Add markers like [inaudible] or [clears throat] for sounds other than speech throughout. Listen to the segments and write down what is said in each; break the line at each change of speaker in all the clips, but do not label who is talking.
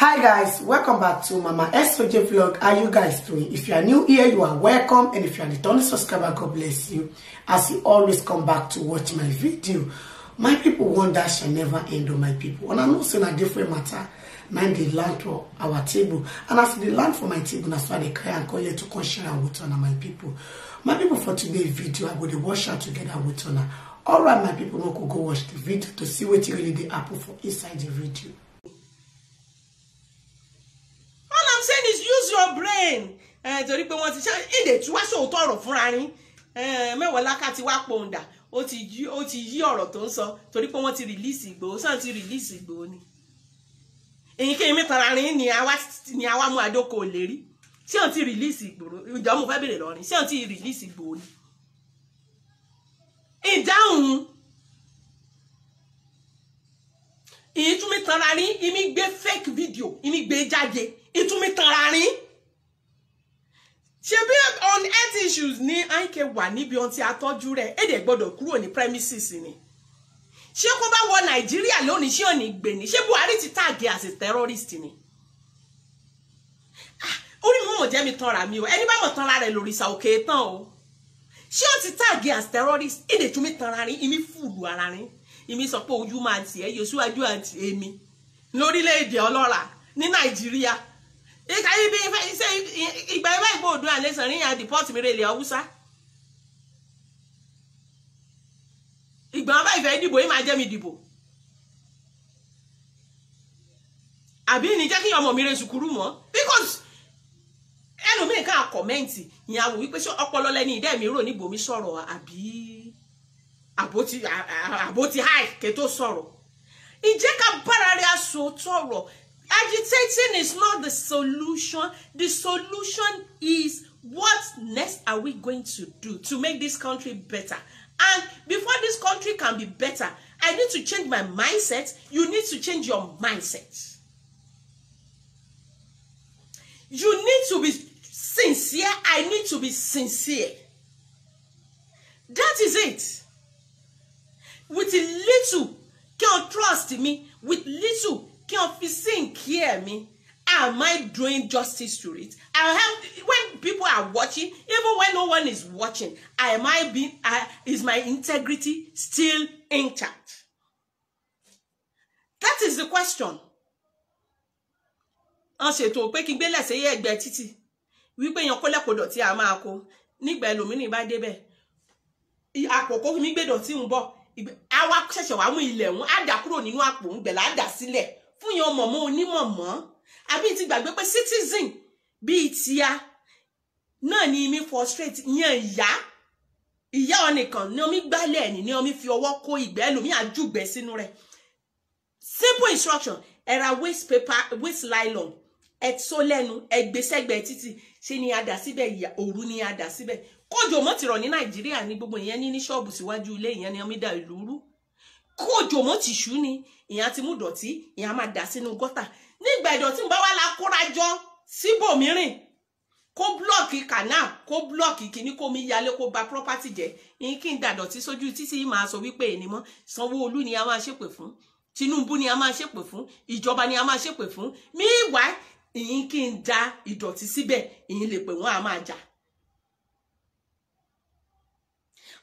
hi guys welcome back to mama soj vlog how you guys doing if you are new here you are welcome and if you are the only subscriber god bless you as you always come back to watch my video my people wonder shall never end on oh my people and i know saying a different matter mind the land for our table and as the land for my table that's why they cry and call you to come share with honor my people my people for today's video i will wash out together with honor all right my people no could go watch the video to see what really they happen for inside the video saying is use your brain eh, torí pé wọ́n ti ṣá èdè tí wá sòótọ́ ọ̀rọ̀ fúnra rín eh, mẹ́wàá láká ti wá pòǹdà ó ti yí ọ̀rọ̀ tó ń sọ torí pé wọ́n ti release Ìgbòho sàn ti release Ìgbòho ni èyíkéyìí mi tara rin ni àwa mú àdókò lérí ṣé ò ti release Ìgbòho ìjà mo fẹ́ bèrè lọ́rin ṣé ò ti release Ìgbòho ni. ìdáhùn èyí tún mi tara rin imi gbé fake video imi gbé jáde mi tànra rín ṣebí on health issues ní àìkè wà níbi ohun tí a tọ́jú rẹ̀ èdè gbọ́dọ̀ kúrò ní premises ni ṣé kó bá wọ nàìjíríà lónìí ṣé òní gbè ní ṣé buhari ti tààgì as a terrorist ni ah, orí mi mò jẹ́ mi tanra mi o ẹni bá mọ̀ tanra rẹ̀ lòrìṣà òkè tán o ṣé o ti tààgì as terrorist èdè tún mi tanra rin ìmí fùlù ara rin ìmí sọ pé ojú máa tì ẹ́ yosúwájú àti èmi lórílẹ̀‐èdè ọlọ́ra ní nàìjíríà ìka ibi iṣẹ́ ìgbà ìwà ìgbò òdùn àlẹ́sàn rí yàn dìpọ́tì mi rèlè Haúsá ìgbà wọn bá ìfẹ́ dìbò yìí máa jẹ́ mi dìbò àbí ní jẹ́ kí ọmọ mi re sùkúrú mọ́ because ẹlòmíì ká kọ̀mẹ́ǹtì ìyàwó wípé ṣé ọpọlọ lẹni ìdẹ́ mi rò níbo mi sọ̀rọ̀ àbí àbótí àìkè tó sọ̀rọ̀ ìjẹ́ ká bára rẹ̀ aṣọ tọ̀rọ̀ Agitating is not the solution. The solution is what next are we going to do to make this country better? And before this country can be better, I need to change my mindset. You need to change your mindset. You need to be sincere. I need to be sincere. That is it. With little, can trust me. With little, kí n fi sínkì ẹ̀mí am I doing justice to it I have when people are watching even when no one is watching am I being uh, is my integrity still intact that is the question wọ́n ṣètò pé kí n gbé lẹsẹ yẹ ẹ̀gbẹ́ títì wípé yan kólẹkọdọ tí a máa kó nígbà ẹlòmínì bá débẹ̀ àpòkó mi gbèdọ̀ tí ń bọ̀ àwa ṣẹ̀ṣẹ̀ wàá mú ilẹ̀ ń á dà kúrò nínú àpò ń gbẹ̀lá á dà sílẹ̀ fún yan mọ̀mọ́ onímọ̀mọ́ àbí ti gbàgbé pé citizen bíi tia náà ni mi frustrate ìyẹn ìyá ìyá ọ̀nìkan ni omi gbálẹ̀ ẹ̀nì ni omi fi ọwọ́ kó ìgbẹ́ ẹlòmíì àjùgbẹ́ sínú rẹ̀ simple instruction ẹ waste paper waste nylon ẹ tó lẹ́nu ẹ gbé títì ṣe ni a dà síbẹ̀ òru ni a dà síbẹ̀ kójò mọ́ ti rọ̀ ní nàìjíríà ní gbogbo ìyẹn ní ní ṣọ́ọ̀bù síwájú ilé ìyẹn ni omi dà ìlú rú kó òjò mọ́ tìṣú ni ìyẹn ti mú dọ̀tí ìyẹn máa dà sínú gọ́tà nígbà ìdọ̀tí bá wà la kórajọ síbòmírìn kó blọọkì canal kó blọọkì kìíní kó mi yalé kó ba property jẹ ìyẹn kí n dà dọ̀tí sójú títí máa sọ wípé èyí ni mọ́ ni a máa ṣépè fún Tinubu ni a máa ṣépè fún ìjọba ni a máa ṣépè fún míìwá ìyín kí n da ìdọ̀tí síbẹ̀ ìyín lè pè wọ́n a máa jà.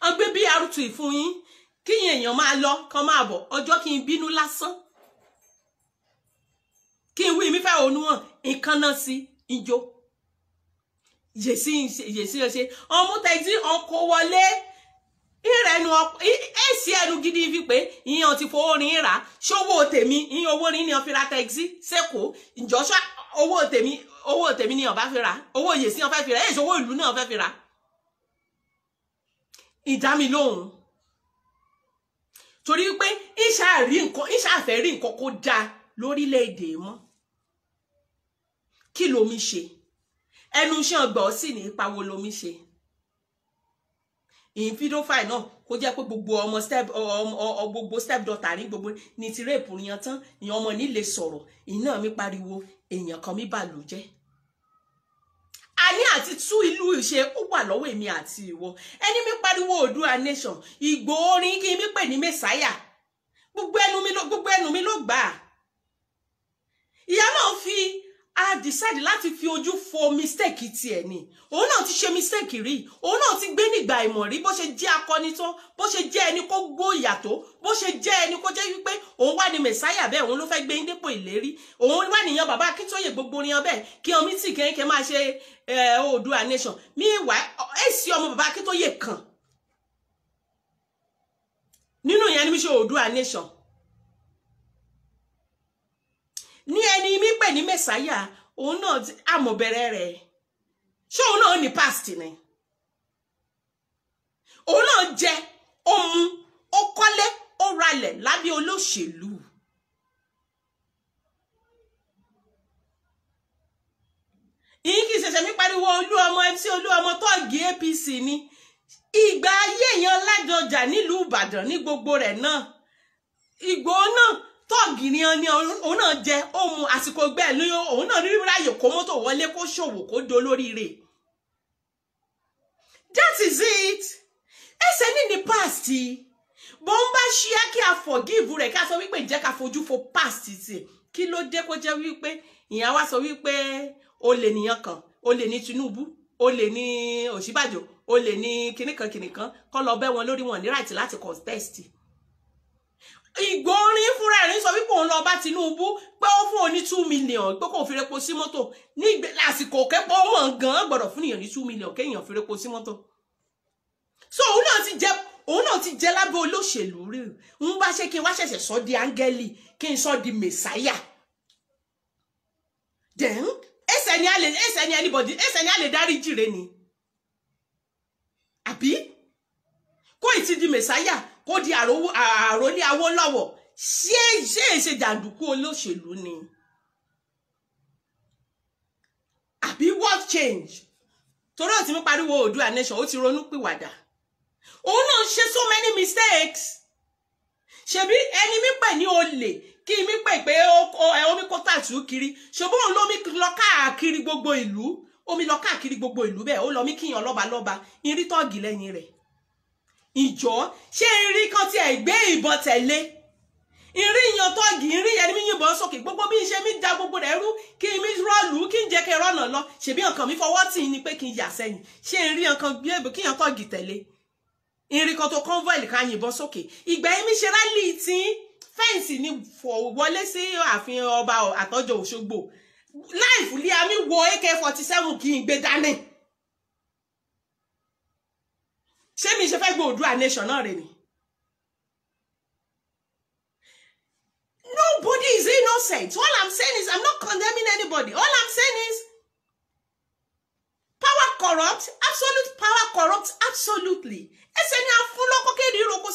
wọ́n gbé BRT fún yín kíyìn èèyàn máa lọ kan máa bọ̀ ọjọ́ kí n bínú lásán kí n wí mi fẹ́ òun wọn nǹkan náà sí ijó yèsí yèsí ṣe ọmú tẹ̀sí ọkọ wọlé ìrẹnu èsì ẹnu gidi fi pé ìyẹn ti fowó rin rà ṣówó tèmi ìyẹn owó rin ni ọ fi ra tẹ̀sí sẹ́kọ̀ọ́ ìjọ́ṣà owó tèmi owó tèmi ni ọba fi ra owó yèsí ọfẹ́ fi ra èso owó ìlú náà ọfẹ́ fi ra ìdámilóhùn torí pé ìṣàfẹ́ rí nǹkan kó dáa lórílẹ̀‐èdè mọ́ kí lomi ṣe ẹnu iṣẹ́ ọgbà ọ sì ní ipa wo lomi ṣe ìfidófàì náà kó jẹ́ pé gbogbo ọmọ step gbogbo step daughter ní gbogbo ní ti rèpù yan tán ìyẹn ọmọ ní lè sọ̀rọ̀ ìyẹn náà mi pariwo èèyàn kan mi bà ló jẹ́ àní àti tú ìlú ìṣe ó wà lọ́wọ́ èmi àti ìwọ ẹni mi pariwo Oòduà nation ìgbò orin kí mi pè ní mẹ́sáyà gbogbo ẹnu mi ló gbà ìyá náà fi a decide láti fi ojú fo mistake tiẹ̀ ni òun náà ti ṣe mistake rí òun náà ti gbé nígbà ìmọ̀ rí bó ṣe jẹ́ akọni tó bó ṣe jẹ́ ẹni kó gbóyà tó bó ṣe jẹ́ ẹni kó jẹ́ wípé òun wá ní mẹ̀sáyà bẹ́ẹ̀ òun ló fẹ́ gbé dépò ìlérí òun wá nìyàn bàbá akíntóye gbogbo ríyan bẹ́ẹ̀ kí ọmí tì kẹ́kẹ́ máa ṣe oòdùà nation míwá èsì ọmọ bàbá akíntóye kan nínú ìyẹn ni mi ṣe oòdùà nation ní ẹni mi pè ní mẹ́sáyà òun náà àmọ̀bẹ̀rẹ̀ rẹ̀ ṣé òun náà ní past ni òun náà jẹ ó mu ó kọ́lé ó ralẹ̀ lábẹ́ olóṣèlú yìí kì í ṣẹ̀ṣẹ̀ mi pariwo olú ọmọ MC olú ọmọ tọ́ọ̀gì APC ni ìgbà ayé èèyàn Ládọjà nílùú Ìbàdàn ní gbogbo rẹ̀ náà Ìgbòho náà tọ́ọ̀gì ni òun náà jẹ ó mu àsìkò gbẹ́ ní òun náà rírí ráyè kó mọ́tò wọlé kó ṣòwò kó dolóríire that is it ẹsẹ̀ ní ní past bó ń bá ṣíá kí a forgive rẹ̀ ká sọ wípé ìjẹ́ ká fojú fo past sí kí ló dé kó jẹ́ wípé ìyẹn wá sọ wípé olè nìyẹn kan olè ní Tinubu olè ní Ọ̀ṣínbàjò olè ní kìnìkan kìnìkan kọ́ lọ bẹ́ wọn lórí wọn ní right láti contest ìgbórin fúnra ẹ̀rín sọ wípé òun lọ bá Tinubu pé ó fún òní two million pé kò fi repo sí mọ́tò ní àsìkò kẹ́pọ̀ mọ̀ gan-an gbọ́dọ̀ fún èèyàn ní two million kéèyàn fi repo sí mọ́tò. so òun náà ti jẹ òun náà ti jẹ lábẹ́ olóṣèlú rí òun bá ṣe kí n wá ṣẹ̀ṣẹ̀ sọ di áńgẹ́lì kí n sọ di mẹ̀sáyà. then ẹsẹ̀ ni a lè ẹsẹ̀ ni anybody ẹsẹ̀ ni a lè dárí jìre ni àbí kó ì ti di mẹ̀sáyà kó di àròlé Awólọ́wọ̀ ṣé ṣé ṣe jàǹdùkú olóṣèlú ni àbí what change torí ó ti ń pariwo Oòduà nation ó ti ronú pìwàdà òun náà ṣe so many mistakes ṣebí ẹni mi pè ní olè kí mi pè pé omi kó tàtú kiri ṣebí òun lómi lọ káàkiri gbogbo ìlú omi lọ káàkiri gbogbo ìlú bẹ́ẹ̀ ó lọ mí kíyàn lọ́balọ́ba irí tọ́ọ̀gì lẹ́yìn rẹ̀ ìjọ ṣé irí kan tí ẹ gbé ìbọn tẹ̀lé irí yan tọ́gì irí yẹn mi yìnbọn sókè gbogbo bí iṣẹ́ mi da gbogbo rẹ̀ rú kí mi rọ́ọ̀lù kí n jẹ́ kí rọ́ọ̀nà lọ ṣèbí ọkàn mi fọwọ́ tì í ni pé kí n yà sẹ́yìn ṣé irí ọkàn gbé ìbò kí yan tọ́gì tẹ̀lé irí kan tó convoy ká yìnbọn sókè ìgbà yẹn mi ṣe rálì tí fẹ́ǹsì ni wọlé sí ààfin ọba àtọ́jọ Òṣogbo láìfù lé àmì wọ AK forty seven kì í gbé dání ṣé mi ṣe fẹ́ gbé Oòduà nation náà rè ni. Nobody is innocent. All I'm saying is I'm not condemning anybody. All I'm saying is power corrupt absolute power corrupt absolutely. ẹsẹ̀ ni a fún lọ́kọ́ kéde ìroko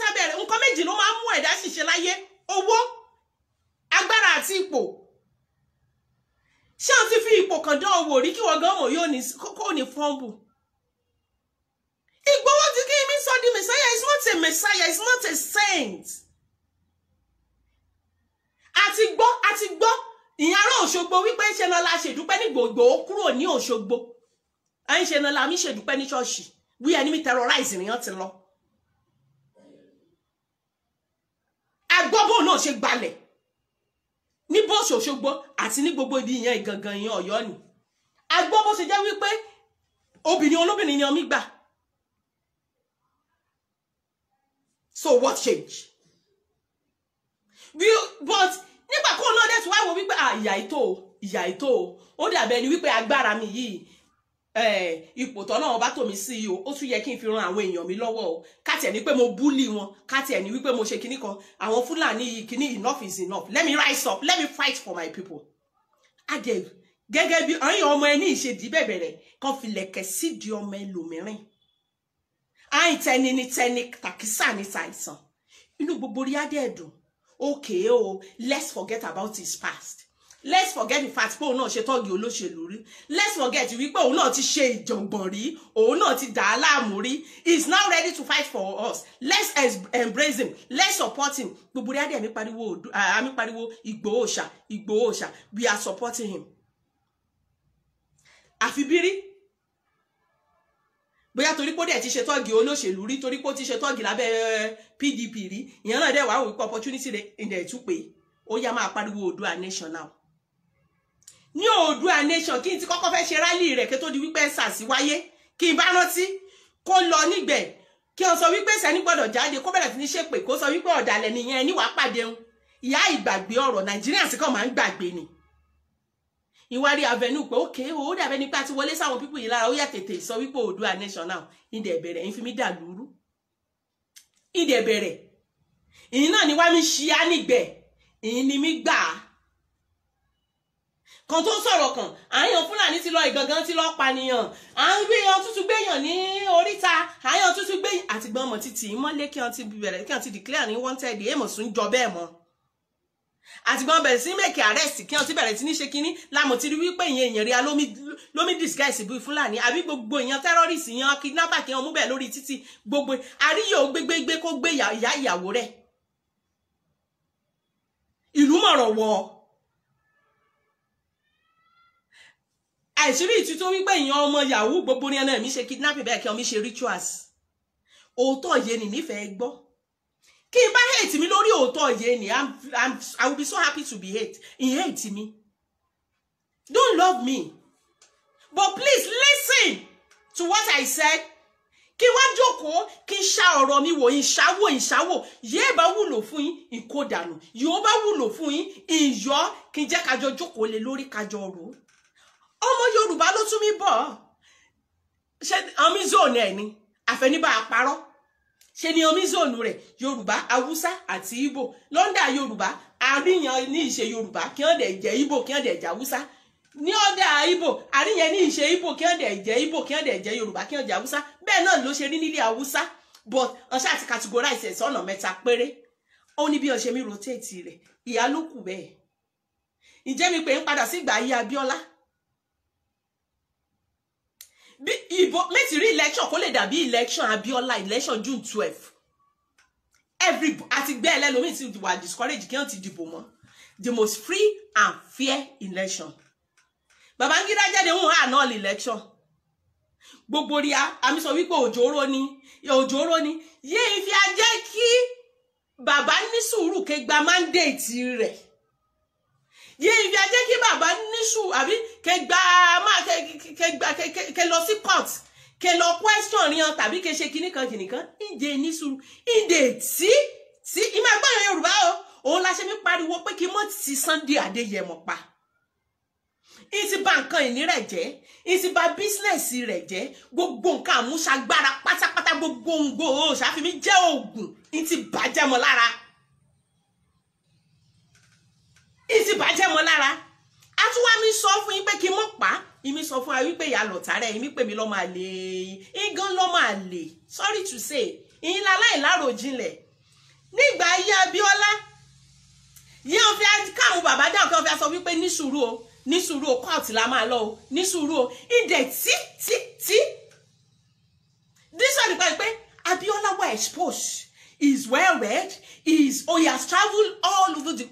sábẹ́rẹ̀ nǹkan méjì ló máa ń mú ẹ̀dá ṣìṣe láyé owó agbára àti ipò ṣé o ti fi ipò kan dán owó rí kí wọ́n gan mọ̀ yóò ni fọ́ǹbù the Messiah is not a Messiah is not a saint àti gbọ́ àti gbọ́ ìyẹn ará Òṣogbo wípé ṣe náà la ṣèdúpẹ́ ní gbogbo ó kúrò ní Òṣogbo à ń ṣe náà la mi ṣèdúpẹ́ ní ṣọ́ọ̀ṣì wí ẹni mi terrorize nìyẹn ti lọ agbọ́bọ̀ náà ṣe gbalẹ̀ ní bọ́ọ̀ṣì Òṣogbo àti ní gbogbo ibi ìyẹn ìgangan ìyẹn Ọ̀yọ́ ni agbọ́bọ̀ ṣe jẹ́ wípé obìnrin olóbìnrin ni ọmí gbà so what change? We but nígbà kó náà dẹ̀ tún wá wo wípé ah, ìyá ètò ìyá ètò ó dàbẹ̀ ni wípé agbára mi yìí eh, ipò tọ́nà ọba tòmí sí i o ó tún yẹ kí n fi ran àwọn èèyàn mi lọ́wọ́ o káti ẹ̀ ní pé mo búlì wọn káti ẹ̀ ní wípé mo ṣe kinní kan àwọn fúlàní yìí kinní enough is enough let me rise up let me fight for my people. adé gẹ́gẹ́ bí ọ̀yìn ọmọ ẹni ìṣèdí bẹ̀bẹ̀rẹ̀ kan filẹ̀kẹ̀ sídìí ọmọ ẹlòmíràn àìtẹni ni tẹni tàkísà ni tàìsàn inú gbogbo rí adẹ́ẹ̀dùn okay o oh, let's forget about his past let's forget the fact pé òun náà ṣe tọ́gì olóṣèlú rí let's forget wípé òun náà ti ṣe ìjọ̀ngbọ̀n rí òun náà ti dà á láàmú rí he is now ready to fight for us let's embrace him let's support him gbogbo rí adẹ́ẹ̀mí pariwo àmì pariwo Ìgbòho ṣá Ìgbòho ṣá we are supporting him àfi bírí bóyá torí pé ó dẹ̀ ti ṣe tọ́ọ̀gì olóṣèlú rí torí pé ó ti ṣe tọ́ọ̀gì lábẹ́ PDP eh, rí ìyẹn náà dẹ̀ wá wípé opportunity ìdẹ̀ tún pé ó yá máa pariwo Oòduà nation now ní Oòduà nation kí n ti kọ́kọ́ fẹ́ ṣe rálì rẹ̀ kí tó di wípé sàsì wáyé kí n bá rántí kó lọ nígbẹ̀ kí n sọ wípé sẹ́ni gbọ́dọ̀ jáde kó bẹ̀rẹ̀ sí ní ṣépè kó sọ wípé ọ̀dàlẹ̀ nìyẹn níwàá pàdé ń ìyá ìgbàgbé ọ̀rọ̀ Nàìjíríà sì kàn máa ń gbàgbé ni ìwárí avenue pé ok o dàbẹ́ nípa ti wọlé sáwọn pípò yìí lára ó yà tètè sọ wípé Oòduà national ìdè bẹ̀rẹ̀ ìfi mi dà lúrú ìdè bẹ̀rẹ̀ ìyìn náà ni wá mi ṣí á nígbẹ̀ ìyìn ni mi gbà á kan tó sọ̀rọ̀ kan àyàn fúlàní ti lọ ìgangan ti lọ pànìyàn à ń gbé yan tútù gbéyàn ní oríta àyàn tútù gbéyàn àtìgbọ́n ọmọ títì mọ́lé kí wọ́n ti bẹ̀rẹ̀ kí wọ́n ti declare ní wanted èèmọ̀ sún jọ bẹ́ẹ̀ mọ́ àti gbọ́n bẹ̀rẹ̀ sí mẹ́kì arrest kí wọ́n ti bẹ̀rẹ̀ sí ní ṣe kínní lámò ti rí wípé ìyẹn èèyàn ríà lómi disguise bí fúlàní àbí gbogbo èèyàn terrorist yan kidnapper kí wọ́n mú bẹ́ẹ̀ lórí títì gbogbo àríyọ̀ gbégbégbé kó gbé ìyá ìyàwó rẹ̀ ìlú mọ̀rọ̀ wọ̀ àìsírí ìtútó wípé èèyàn ọmọ yahoo gbogbo ní ẹnu ẹ̀mí ṣe kidnapping bẹ́ẹ̀ kí wọ́n mi ṣe rituals òótọ́ yé ni kí n bá hate mi lórí òótọ́ yé ni I'm, I'm, I will be so happy to be hate in hate mi don't love me but please listen to what I said kí wá jókòó kí n ṣa ọ̀rọ̀ mi wò ìṣàwò ìṣàwò yéé bá wúlò fún yín ìkódànù yóò bá wúlò fún yín ìyọ́ kí n jẹ́ kájọ jókòó lé lórí kájọ rò ọmọ Yorùbá ló tún mi bọ̀ ṣe àmì zone ẹ̀ ni àfẹnibà àparọ́ ṣe ni omizóònù rẹ̀ yorùbá haúsá àti ìgbò lọ́ndà yorùbá àríyàn ní ìṣe yorùbá kí wọ́n dẹ̀ jẹ́ ìgbò kí wọ́n dẹ̀ jẹ́ haúsá ní ọ̀dà ìgbò àríyàn ní ìṣe ìgbò kí wọ́n dẹ̀ jẹ́ ìgbò kí wọ́n dẹ̀ jẹ́ yorùbá kí wọ́n jẹ́ haúsá bẹ́ẹ̀ náà ló ṣe rí nílé haúsá but ọ̀ṣà àti categorize ẹ̀sọ́ ọ̀nà mẹ́ta péré ó ní bí ọ̀ṣẹ̀ mi rotate rẹ̀ ìyá ló kù bẹ́ẹ̀ ǹjẹ́ mi pé ń padà sí ìgbà ayé Abíọ́lá bí ìbò méjì rí election kó lè dàbí election Abiola election June twelve every àti gbé ẹlẹ́lómi ti wà discourage kí wọ́n ti dìbò mọ́ the most free and fair election Babangida jáde ń hàn náà election gbogbo rí a àmì sọ wípé òjòrò ni òjòrò ni yéé fi ajẹ́ kí bàbá ní sùúrù ké gba mandate rẹ̀ yé ibi ajé kí bàbá níṣù àbí kẹ gba máa kẹ kẹ gba kẹ kẹ lọ sí court kẹ lọ question yan tàbí kẹ ṣe kinní kan kinní kan ìdè níṣù ìdè tí tí ìmọ̀ ẹgbẹ́ yorùbá o òun la ṣe fi pariwo pé kí mọ̀ ti Sunday Adéyẹmọ pa ìsì bà nǹkan ìní rẹ̀ jẹ́ ìsì bà bísínẹsì rẹ̀ jẹ́ gbogbo nǹkan àmúṣagbára pátápátá gbogbo ń gbòòṣà fi mí jẹ oògùn ìsì bàjẹ́ mọ́ lára. Isi bàjẹ́ mọ́ lára àtúwá mi sọ fún yín pé kí n mọ̀ pa ìmí sọ fún wa wípé ìyá lọ̀tàrẹ́ ìmí pè mí lọ́mọ àlè igán lọ́mọ àlè sorry to say ìyín láláì lárò jinlẹ̀ nígbà ayé abiola. yíyan wọn fi káwọn bàbá dáhùn kí wọn fi sọ wípé ní sùúrù o ní sùúrù o kóòtù la máa lọ o ní sùúrù o ìdẹ̀ tí tí tí dísọ̀rì pa pé Abíọ́lá wà exposed he is well read he is oh he has travelled all over the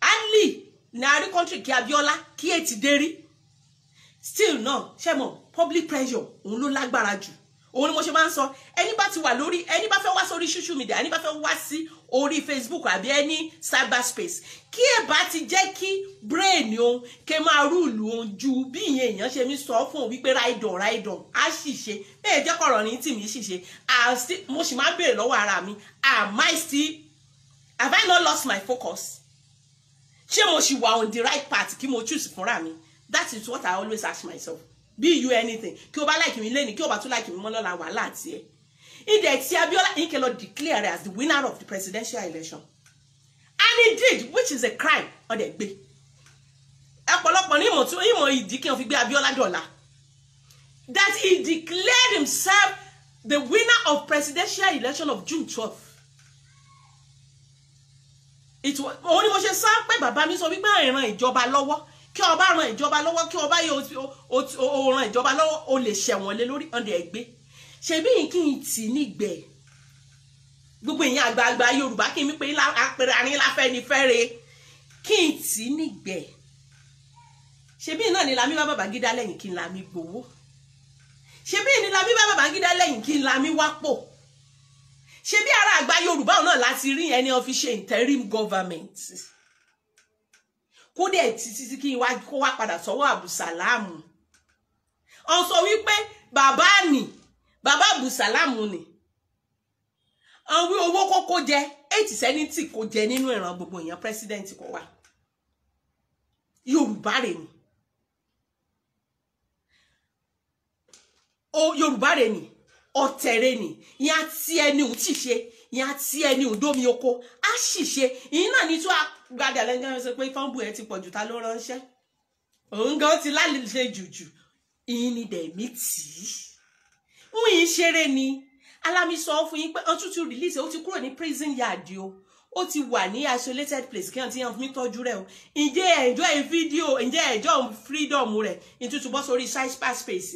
anli ní àárín country kí Abíọ́lá kí ètì dérí still náà ṣe mọ public pressure òun ló lágbára jù òun ni mo ṣe máa ń sọ ẹni bá ti wà lórí ẹni bá fẹ́ wá sórí social media ẹni bá fẹ́ wá sí orí Facebook àbí ẹni cyberspace kí ẹ bá ti jẹ́ kí brain òun kẹ máa rúùlù òun ju bí ìyẹn èèyàn ṣe mi sọ fún òun wípé ráìdàn ráìdàn á sì ṣe bẹ́ẹ̀ jẹ́ kọ̀rọ̀ ní tì mí sì ṣe mo sì máa ń béèrè lọ́wọ́ ara mi am I still have I not lost my focus ṣé mo ṣì wà on the right path kí mo choose fúnra mi that is what i always ask myself be you anything kí o bá like mi lẹ́ni kí o bá tún like mi mọ́ lọ́la wàhálà tiẹ̀ ìdẹ̀ tí Abiola ike declare as the winner of the presidential election and he did which is a crime ọ̀dẹ̀ gbé ọ̀pọ̀lọpọ̀ ní ìmọ̀ tún ìmọ̀ ìdí kí n fi gbé Abiola dọ̀la that he declared himself the winner of presidential election of June twelve òun ni mo ṣe sá pé bàbá mi sọ wípé ìran ìjọba lọ́wọ́ kí ọba ran ìjọba lọ́wọ́ kí ọba yẹ o ran ìjọba lọ́wọ́ o lè ṣẹ̀wọ̀n lé lórí ọ̀dẹ̀ ẹ̀gbẹ́ ṣebí kí n tì nígbẹ̀ gbogbo ìyẹn àgbààgbà Yorùbá kí n mi pé apẹ̀rẹ̀ àárín láfẹ́ ni fẹ́re kí n tì nígbẹ̀ ṣebí náà ni Lami bá Babangida lẹ́yìn kí n Lami gbowó ṣebí ni Lami bá Babangida lẹ́yìn kí n Lami wápò ṣe bí ara àgbà yorùbá òun náà láti rí ẹni ó fi ṣe interim government kódẹ̀ títí tí kí n wá kó wá padà sọ́wọ́ àbùsàlámù ọ̀n sọ wípé bàbá ni bàbá àbùsàlámù ni àwọn owó kókó jẹ eight seventy kó jẹ nínú ìran gbogbo èèyàn president kò wá yorùbá rè ni o yorùbá rè ni ọ̀tẹ̀rẹ̀ nì ìyẹn àti ẹni ò tí ṣe ìyẹn àti ẹni ò dómi oko á sì ṣe ìyẹn náà ní tí wàá gbadà lẹ́gbẹ̀rún sọ pé fọ́nbù ẹ ti pọ̀ jù ta ló ránṣẹ́ òun gan ti lálejò jùjù ìyẹn ni dẹ̀mí tì í mú yín ṣeré ni alámi sọ fún yín pé ọtútù release ó ti kúrò ní prison yard o ó ti wà ní isolated place kí wọn ti yan fún ìtọ́jú rẹ o ǹjẹ́ enjoy fídíò ǹjẹ́ enjoy freedom rẹ̀ ìtútù bọ́ sórí space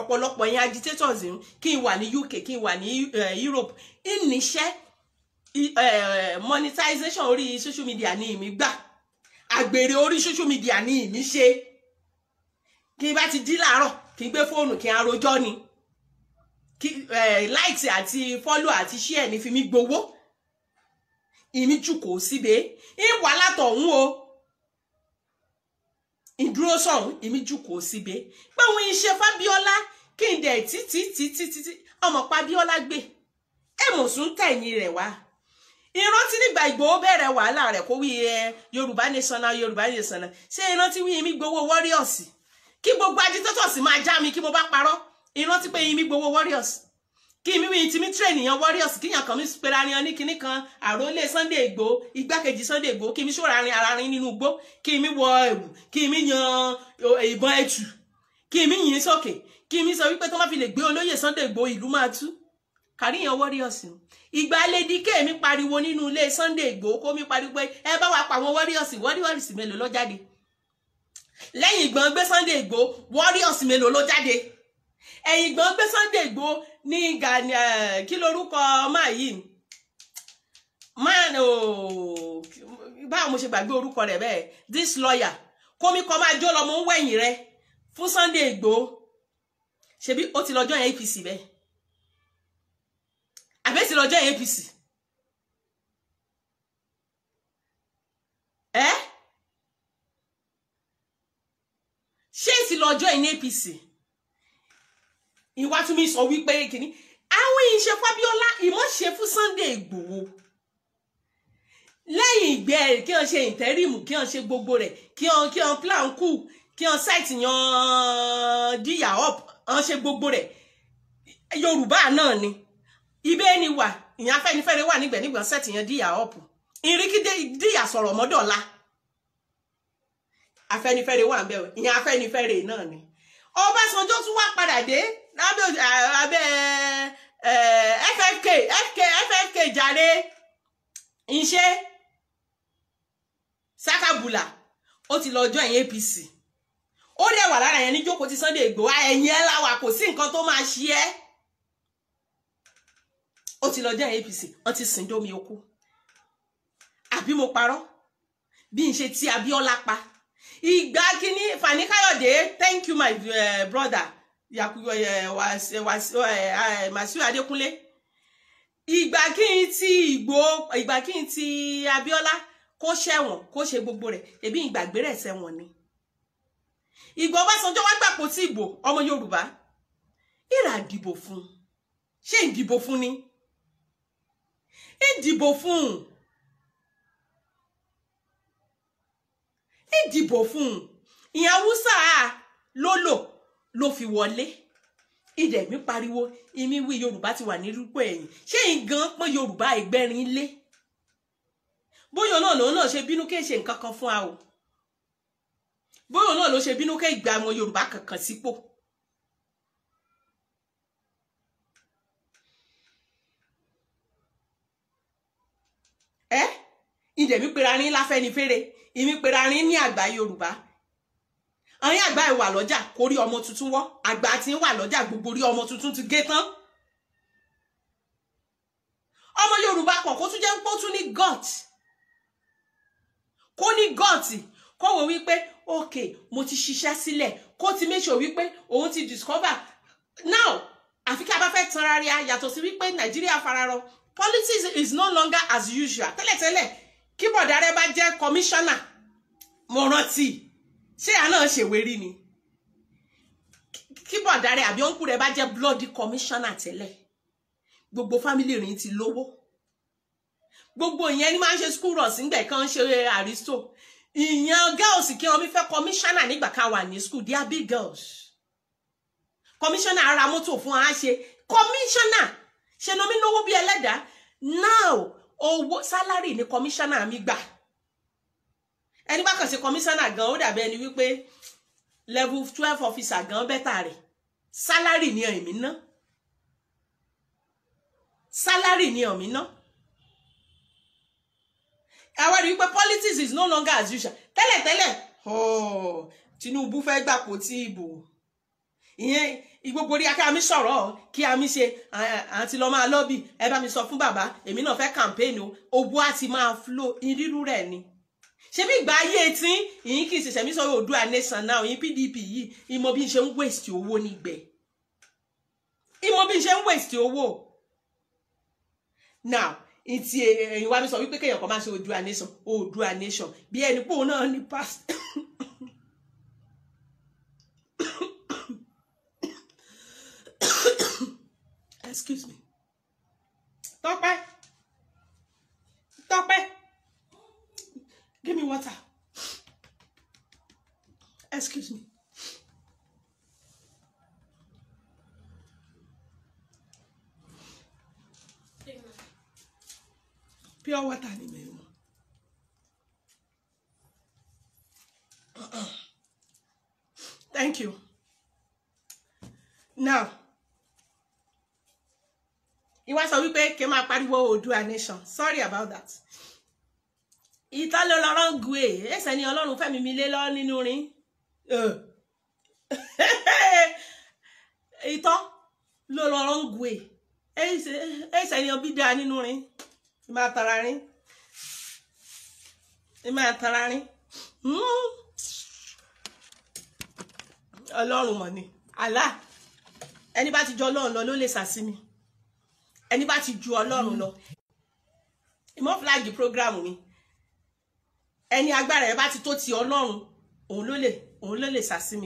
ọ̀pọ̀lọpọ̀ yẹn agitators ń kí n wà ní UK kí n wà ní eh, Europe ń eh, monetization orí social media ní ìmí gbà àgbèrè orí social media ní ìmí ṣe kí n bá ti dí làárọ̀ kí n gbé fóònù kí n arojọ́ ni eh, likes àti follow àti share ní fi mí gbowó ìmí jù kò síbẹ̀ ìwà látọ̀hún o ìdúró sọ̀hún èmi jùkọ̀ síbẹ̀ pé òun iṣẹ́ fábíọ́lá kí n dẹ̀ títí títí títí ọmọ pabíọ́lá gbé èmùsùn tẹ̀yìn rẹ̀ wá ìrántí nígbà Ìgbòho bẹ̀rẹ̀ wàhálà rẹ̀ kó wí ẹ Yorùbá National Yorùbá National ṣé ìrántí wí èmi gbowó warriors kí gbogbo agitators máa já mi kí mo bá parọ́ ìrántí pé èmi gbowó warriors kí mi wíyìn tí mi tún ènìyàn warriors kíyàn kan mi pera ni ní kinní kan àròlé Sunday Igboho igbákejì Sunday Igboho kí mi ṣòra rin ara rin nínú igbó kí mi wọ ẹ̀wù kí mi yan ìbọn ẹ̀tù kí mi yìn sókè kí mi sọ wípé tó má fi lè gbé olóyè Sunday Igboho ìlú máa tú kàríyàn warriors ni ìgbà lady k mi pariwo nínú ilé Sunday Igboho kó mi pariwo pé ẹ bá wa pa àwọn warriors warriors mélòó ló jáde lẹ́yìn ìgbọ̀n gbé Sunday Igboho warriors mélòó ló jáde ẹ̀yìn gbọ́n gbé Sunday Igbo ní gani kí lorúkọ máa yìí man ooo báwo mo ṣe gbàgbé orúkọ rẹ̀ bẹ́ẹ̀ this lawyer kómikọ́ máa jó lọ́mọ ń wẹ̀yìn rẹ fún Sunday Igbo ṣebí ó ti lọ́jọ́ APC bẹ́ẹ̀ àbẹ́ ti lọ́jọ́ APC ẹ́ ṣé ti lọ́jọ́ yẹn APC ìwátúmí sọ wípé kìíní àwọn ìṣe fábíọ́lá ìmọ̀ṣe fún Sunday Ìgbòho lẹ́yìn ìgbẹ́ kí wọ́n ṣe ìtẹ́rìmù kí wọ́n ṣe gbogbo rẹ̀ kí wọ́n kí wọ́n plan kù kí wọ́n site yan díyà up wọ́n ṣe gbogbo rẹ̀ Yorùbá náà ni ibẹ̀ ni wà ìyẹn Afẹ́nifẹ́re wà nígbẹ̀ nígbà site yan díyà up ìrìkídé díyà sọ̀rọ̀ mọ́dọ̀la Afẹ́nifẹ́re wà ń bẹ̀ ìyẹn Afẹ́nifẹ́re náà ni Ọbásanjọ́ tún wá padà dé lábẹ́ abẹ́ ffk fk ffk jàre ńṣe sakabula ó ti lọ join apc ó dẹ̀ wà lára yẹn níjókòó ti Sunday Igboho ẹ̀yìn ẹ̀ láwà kò sí nǹkan tó máa ṣe ẹ́ ó ti lọ join apc wọ́n ti sìn dómi okú àbí mo parọ́ bí n ṣe ti Abíọ́lá pa ìgbà kínní Fani Káyọ̀dé thank you my uh, brother yakuyo eh, Wasiu eh, eh, Adékúnlé ìgbà kí n ti ìgbò ìgbà kí n ti Abíọ́lá kó ṣẹ̀wọ̀n kó ṣe gbogbo rẹ̀ èbí ìgbàgbé rẹ̀ ṣẹ̀wọ̀n ni ìgbà Ọbásanjọ́ wá gbàpò tí ìbò ọmọ Yorùbá ìrà dìbò fún ṣé ìdìbò fún ni ìdìbò fún ìdìbò fún ìyẹn Haúsá ló ló fi wọlé ìdẹ̀ pariwo ìmí wí yorùbá ti wà nírúkọ ẹ̀yìn ṣé ìgan pọ́n yorùbá ìgbẹ́rin lé bóyá náà lòun náà ṣe bínú kí ṣe nǹkan kan fún a o bóyá náà ló ṣe bínú kí ìgbà àwọn yorùbá kankan sípò. ẹ ìdẹ̀ pera rin láfẹ́ ni ìmí pera rin ní àgbà yorùbá àárín àgbà ẹ̀ wà lọ́jà kó rí ọmọ tuntun wọ́ àgbà tí ń wà lọ́jà gbogbo rí ọmọ tuntun ti gé tán ọmọ yorùbá kan kó tún jẹ́ pé ó tún ní gut kó ní gut kó wò wípé mo ti ṣiṣẹ́ sílẹ̀ kó ti make sure wípé òun ti discover now àfi kí a bá fẹ́ tanra rí a yàtọ̀ sí politics is no longer as usual tele tele bọ̀dá rẹ bá commissioner mo rántí ṣé àná ṣèwérí ni kí bọ̀dárẹ̀ àbí òǹkù rẹ̀ bá jẹ́ bloody commissioner tẹ́lẹ̀ gbogbo family rìn ti lówó gbogbo ìyẹn ni máa ń ṣe school runs nígbà kan ń ṣe àrísò ìyẹn girls kí wọn mi fẹ́ commissioner nígbà kan wà ní school they are big girls commissioner ara mọ́tò fún wa ṣe commissioner ṣe nomi lówó bí ẹlẹ́dàá now owó salary ni commissioner mi gbà ẹni bá kàn sí kọmíṣánná gan ó dàbí ẹni wípé level twelve officer gan bẹ́tà rẹ̀ sálárì ni ẹ̀mí ná sálárì ni ẹ̀mí ná àwọn rí pé politics is no longer as usual tẹ́lẹ̀tẹ́lẹ̀ oh, Tinubu fẹ́ gbàpò tí ìbò ìyẹn gbogbo orí akáàmì sọ̀rọ̀ kí àmì ṣe àǹtí lọ́ọ́ máa lọ́bì ẹ bá mi sọ fún bàbá èmi náà fẹ́ campaign o owó á ti máa flow irírú rẹ̀ ni ṣebí ìgbà ayé tí ìyín kì í ṣẹ̀ṣẹ̀ mi sọ̀rọ̀ Oòduà nation now ìyín PDP yìí ìmọ̀ bí n ṣe ń waste owó nígbẹ̀ ìmọ̀ bí n ṣe ń waste owó now ìtì èyí wa mi sọ wípé kéèyàn kan máa ṣe Oòduà nation Oòduà nation bí ẹni pòun náà ní past [coughs] excuse me tọ́pẹ́ water excuse me. pure water ni mẹ́rin mọ́. [clears throat] Thank you. Now, ìwà sọ wípé kí n máa pariwo Oòduà nation. Sorry about that ìtàlẹ́ lọ́rọ́ gu e ẹsẹ̀ ni ọlọ́run fẹ́mi mi lé lọ́ nínú rin [laughs] ìtọ́ ló lọ́rọ́ gu e ẹsẹ̀ ni ọbí da nínú rin ìmọ̀ àtàrà rin ìmọ̀ àtàrà rin ọlọ́run mọ̀ ni àlá ẹni bá ti ju ọlọ́run lọ ló lè sàsí mi ẹni bá ti ju ọlọ́run lọ ìmọ̀ flag program mi ẹni agbára ẹ bá ti tó ti ọlọ́run òun ló lè òun ló lè sàsí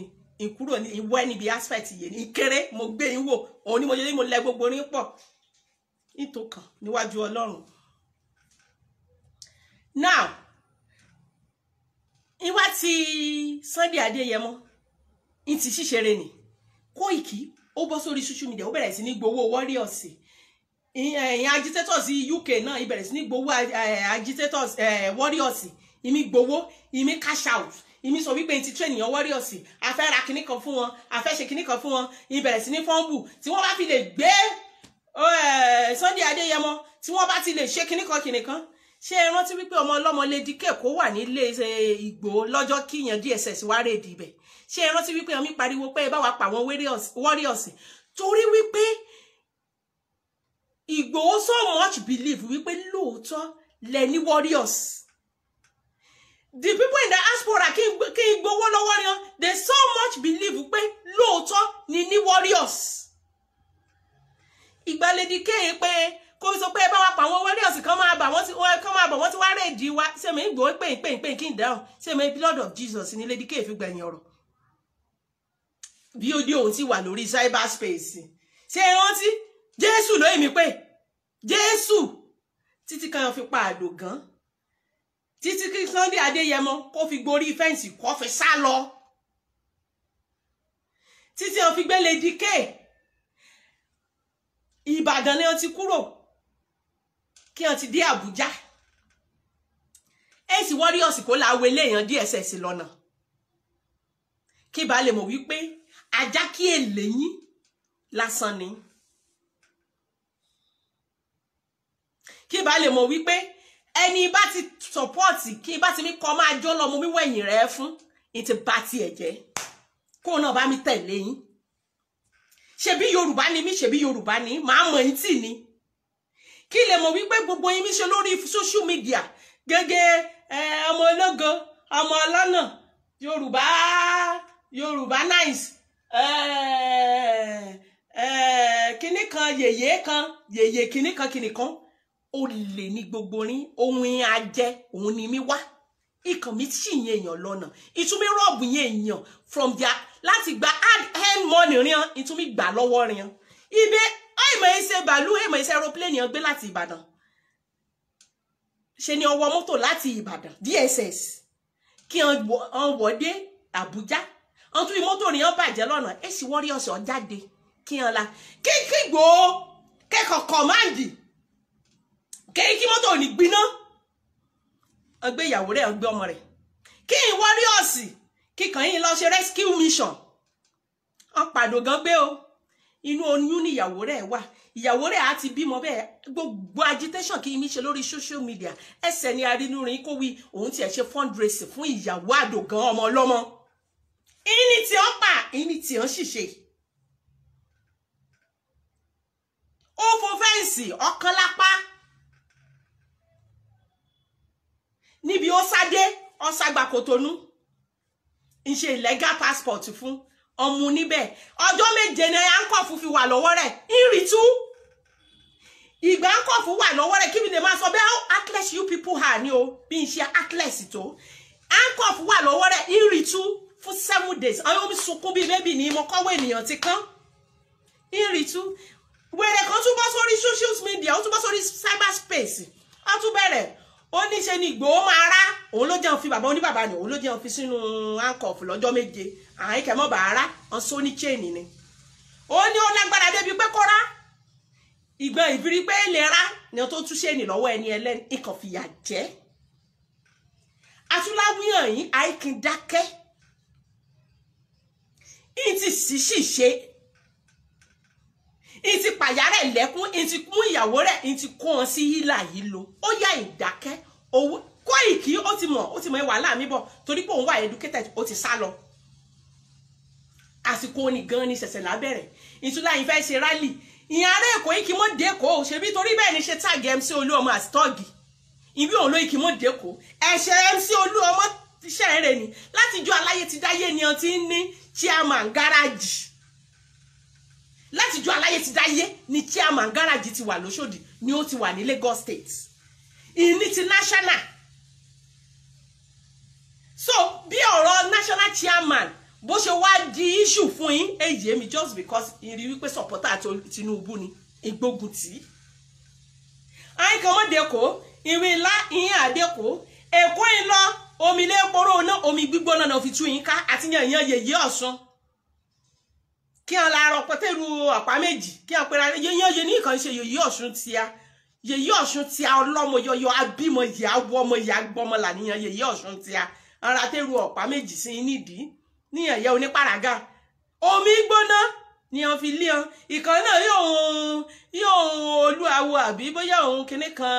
ìkúrò ní ìwọ ẹni bíi aspect yìí ní kéré mo gbé yín wò òun ni mo yẹ mo lẹ gbogbo orin pọ̀ nítòkàn níwájú ọlọ́run now ìwá ti Sunday Adéyẹmọ ń ti ṣíṣeré ni Kóìkì ó bọ́ sórí social media ó bẹ̀rẹ̀ sí ní gbowó warriors ìyẹn agitators UK náà ìbẹ̀rẹ̀ sí ní gbowó eh, eh, agitators eh, warriors ìmí gbowó ìmí cash out ìmí sọ wípé ti train èèyàn wọ́rí ọ̀sìn a fẹ́ ra kinní kan fún wọn a fẹ́ ṣe kinní kan fún wọn ìbẹ̀rẹ̀ sí ní fọ́ńbù tí wọ́n bá fi lè gbé eh, Sunday Adéyẹmọ tí wọ́n bá ti lè ṣe kinní kan kinní kan ṣé ẹ rántí wípé ọmọ ọlọ́mọ lédi kẹ́kọ̀ọ́ wà nílé eh, ìgbò lọ́jọ́ kíyàn DSS wá rèdì ibẹ̀ ṣé ẹ rántí wípé ọmí pariwo pé ẹ bá wa pa àwọn wọ́rí ọ̀sìn torí wípé Ìgbòho so much believe wípé lóòótọ́ lẹ ní warriors the people in the diaspora kí n gbowó lọ́wọ́ ni wọ́n they so much believe pé lóòótọ́ ni ní warriors ìgbàlejò kéye pé kó sọ pé bá wa pa àwọn warriors kan máa bà wọ́n ti kan máa bà wọ́n ti wá rèéjì wa sẹ́mi ìgbò pé pé pé kí n dáhùn sẹ́mi blood of Jesus ní lady kéye fi gbẹ̀yìn ọ̀rọ̀ bí ó dé òun ti wà lórí cyberspace ṣé ẹ rántí Jésù lóyè mi pé Jésù títí kan fi pa àdògán títí kí Sunday Adéyẹmọ kó fi gborí fẹ́ǹsì kó fi sá lọ títí ó fi gbé Lady K Ìbàdàn ni ó ti kúrò kí ó ti dé Àbújá èsì warriors kó la wele èèyàn DSS lọ́nà kí bá lè mọ̀ wípé ajá kí èlé yín lásán ni kí bá lè mọ̀ wípé ẹni bá ti support kí bá ti mi kọ́ máa jó lọ mo mi wẹ̀yìn rẹ̀ fún ìtì bá tiẹ̀ jẹ́ kó náà bá mi tẹ̀lé yín ṣebí yorùbá ni mí ṣebí yorùbá ni màá mọ̀ yín tì ní kí lè mọ̀ wípé gbogbo yín mi ṣe lórí social media gẹ́gẹ́ ọmọ ológo ọmọ ọlọ́nà yorùbá yorùbá nice kíní kan yèyé kan yèyé kíní kan kíní kan olè ní gbogbo rin ohun ajẹ òun ni mi wá ikàn mi sì yẹn èèyàn lọ́nà ìtumí rọ́ọ̀bù yẹn èèyàn from their láti gba hard hand money rin ìtumí gbà lọ́wọ́ rin ibẹ̀ èèmọ̀ ẹsẹ̀ bàálù èèmọ̀ ẹsẹ̀ aeroplane yẹn gbé láti Ìbàdàn ṣe ni ọwọ́ mọ́tò láti Ìbàdàn DSS kí wọ́n wọ́dé abuja. wọ́n tún mọ́tò rìn wọ́n bàjẹ́ lọ́nà èsì wọ́n rí ọ̀sẹ̀ ọ̀jáde kí wọ́n la kí kí gbòó kẹ́kọ̀ọ́ kọ̀máǹdì kéèkì mọ́tò ò ní gbiná ọgbẹ́ ìyàwó rẹ̀ ọgbẹ́ ọmọ rẹ̀ kí n wọ́rí ọ̀sì kíkan yìí lọ ṣe rescue mission ọ̀pàdò gan gbé o inú oyún ni ìyàwó rẹ̀ wà ìyàwó rẹ̀ á ti bímọ bẹ́ẹ̀ gbogbo agitation kí mi ṣe lórí social media ẹsẹ̀ ni arínúrin kó wí òun tiẹ̀ ṣe fundraising fún ìyàwó àdògán ọmọ ọlọ́mọ ìní tí ó pa ìní tí ó sì ṣe ó fò fẹ́ǹsì ọ̀kan lápá níbi ó sáde ó ságbà kòtónú ń ṣe passport fún ọmọ níbẹ̀ ọjọ́ méje ni ankọ́fù fi wà lọ́wọ́ rẹ̀ ìrì tú ìgbà ankọ́fù wà lọ́wọ́ rẹ̀ kí mi lè máa sọ bẹ́ẹ̀ atlas you people hà ni o bí n ṣe atlas tó ankọ́fù wà lọ́wọ́ rẹ̀ ìrì fún seven days àwọn omi sunkún bíi bébì ni mo kọ́wé ènìyàn ti kán ìrì tú wèrè kan tún bọ́ sórí social media ó tún bọ́ sórí cyberspace ó tún bẹ̀rẹ̀ ó ní ṣe ni Ìgbòho máa rá òun ló jẹun fi bàbá oníbàbá ni òun ló jẹun fi sínú ankọ̀fù lọ́jọ́ méje àwọn ikẹ̀ mọ́ bàá rá ọ̀n só ní chain ni ó ní ó lágbára débi pé kó rá ìgbọ́n ìbírí pé lè rá ni ó tó tú chain lọ́wọ́ ẹni ẹlẹ́ni ikàn fìyà jẹ́ atúláwíyàn yìí àìkín dákẹ́ yìí ti sì sì ṣe yìí ti lẹ́kún yìí ti ìyàwó rẹ̀ yìí ti kó wọn sí hílà yìí lo ó yá ìdákẹ́ owó Koiki ó ti mọ̀ ó ti mọ̀ wàhálà mi bọ̀ torí pé òun wà educated ó ti sá lọ àsìkò ni gan ni ṣẹ̀ṣẹ̀ lábẹ̀rẹ̀ ìtura yìí fẹ́ ṣe rálì ìyẹn ará èkó yìí kì í mọ̀ dẹ́kọ̀ ṣebí torí bẹ́ẹ̀ ni ṣe tàgé MC Olúọmọ àti tọ́ọ̀gì ibi òun ló yìí kì í mọ̀ dẹ́kọ̀ ẹ̀ṣẹ̀ MC Olúọmọ iṣẹ́ rẹ̀ ni láti jọ aláyé ti dáyé ni ọtí ń ní chairman gáràjì láti jọ aláyé ti dáyé ni chairman gáràjì ti wà lóṣòdì ni ó ti wà ní Lagos State in international so bí ọ̀rọ̀ national chairman bó ṣe wá di issue fún yín èyí èmi just because ìrí wípé supporter Tinubu ni ìgbógun tì í àyìn kan mọ́dé kó ìrìn ńlá ìyẹn àdékò èkó yín lọ omi ilé poró ná omi gbígbóná náà fi tú yín ká àti yan ìyẹn yèyé ọ̀sán kí wọn la rọpọtẹ́rù ọ̀pá méjì kí wọn pera yẹn yẹn ní ìkànnì ṣe yèyé ọ̀sán tíya yèyí ọ̀ṣun tí a ọlọ́mọ yọyọ abímọ yìí awọ ọmọ yìí agbọmọ làníyàn yèyí ọ̀ṣun tí a ara tẹ́rù ọ̀pá méjì sí nídìí níyàn yẹ onípàràgà omi gbóná ni fi lé wọn ìkan náà yóò yóò olúawo àbí bóyá òun kinní kan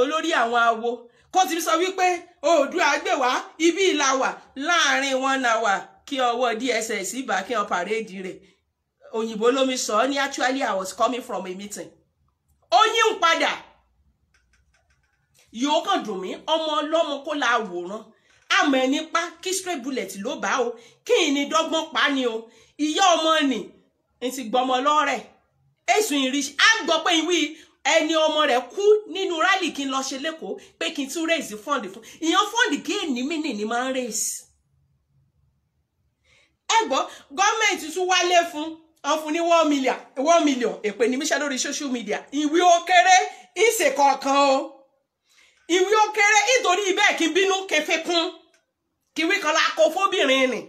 olórí àwọn awo kó ti sọ wípé oòdùà gbè wá ibi ìlà wà láàrin wọn náà wà kí dss bá kí wọn pàréèdì rẹ̀ òyìnbó lómi sọ ọ ní actually i was coming from a meeting ó yí ń padà yóò kàn dùn mí ọmọ ọlọ́mọ kó la wòran àmọ́ ẹni pa kí straight bullet ló bá o kí n ní dọ́gbọ́n pa ni o ìyá ọmọ nì n ti gbọmọ lọ́rẹ̀ èsùn ìrìṣ á gbọ́ pé ìwí ẹni ọmọ rẹ̀ kú nínú rálì kí n lọ ṣe lẹ́kọ̀ọ́ pé kí n tún rèézì fọ́ǹdì fún ìyẹn fọ́ǹdì kí èní mí nìní máa ń rèézì ẹ gbọ́ gọ́ọ̀mẹ̀ntì tún wálé fún wọ́n fún ní one million one million èpè ni míṣẹ́ lórí social media ìwé kere i se kọ̀ọ̀kan o ìwé kere kéré nítorí bẹ́ẹ̀ kí bínú kefe kún kí wíkan la kó fóbìnrin nì.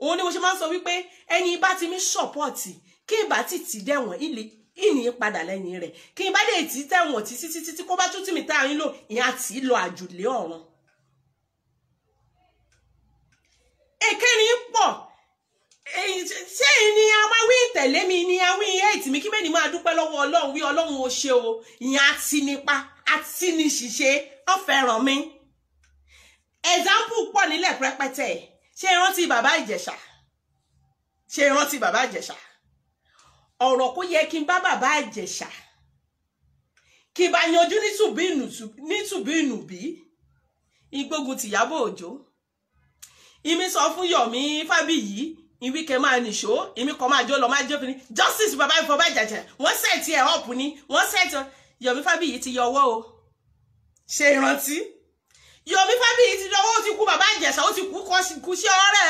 òun ni mo ṣe máa ń sọ wípé ẹni bá ti mí ṣọ̀pọ̀tì kí ìbá ti tì dẹ̀wọ̀n ilé ìní padà lẹ́yìn rẹ̀ kí n bá dé tí tẹ̀wọ̀n tí títí títí kó bá tún tì mí tá à ń lò ìyẹn àti lọ àjùlé ọ̀run. èké ni ṣé ni awáwí tẹ̀lé mi ni awí eight mi kí mẹ́ni máa dúpẹ́ lọ́wọ́ ọlọ́run wí ọlọ́run ó ṣe o ìyẹn àti nípa àti ní ṣìṣe ọ̀fẹ́ràn mi example pọ̀ nílẹ̀ pẹ́pẹ́tẹ́ ṣé ìrántí bàbá ìjẹ̀ṣà ṣé ìrántí bàbá ìjẹ̀ṣà ọ̀rọ̀ kó yẹ kí n bá bàbá ìjẹ̀ṣà kí n bá yanjú nítùbínú bí ìgbógun tìyábọ̀ òjò ìmí fún Yọ̀mí Fábíyì ìwí kẹ máa nìṣó ìmí kan máa jó lọ máa jó justice bàbá ìfọwọ́ ìjàjà wọ́n sẹ̀tì ẹ̀ up ni wọ́n sẹ̀tì Yomi Fabiyi ti yọ ọwọ́ o ṣe ìrántí Yomi Fabiyi ti dọwọ́ ó ti kú bàbá Ìjẹ̀ṣà ó ti kú kú sí ọ̀rẹ́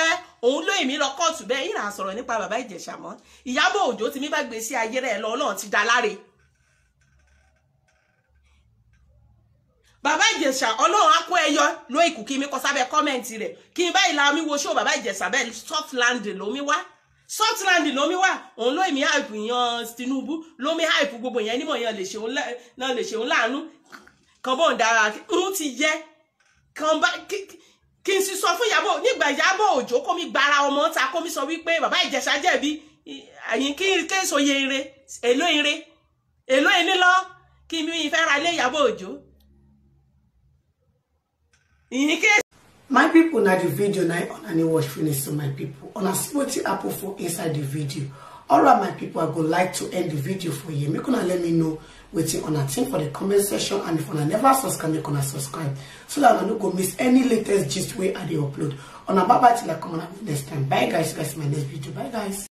òun ló èmi lọ kóòtù bẹ́ẹ̀ ìrà sọ̀rọ̀ nípa bàbá Ìjẹ̀ṣà mọ́ Ìyábọ̀ Òjó ti mí bá gbé sí ayé rẹ̀ lọ Ọlọ́run ti dá láre bàbá ìjẹ̀ṣà ọlọ́run á kó ẹyọ ló ìkù kí mi kọ sábẹ́ kọ́mẹ̀ntì rẹ̀ kí n báyìí la omi wo ṣó bàbá ìjẹ̀ṣà bẹ́ẹ̀ soft landing lómi wá soft landing wá òun ló èmi hype yan Tinubu lómi hype gbogbo yẹn nímọ̀ yẹn lè ṣeun náà lè ṣeun láàánú kan bóun dára ń ti yẹ kan bá kí n sì sọ fún Ìyábọ̀ nígbà Ìyábọ̀ Òjó kó mi gbara ọmọ ta kó mi sọ wípé bàbá ìjẹ̀ṣà jẹ̀bi àyìn kí n késo yẹ èlò ire èlò ìnílọ kí mi fẹ́ ra ilé Ìyábọ̀ Òjó my people, na the video na on any watch finish so my people, on a sporty apple for inside the video alright my people, i go like to end the video for you. make una let me know wetin una think for the comment section and if una never subscribe make una subscribe so that una no go miss any latest gist wey i dey upload una bye bye till i come on next time bye guys guys my next video bye guys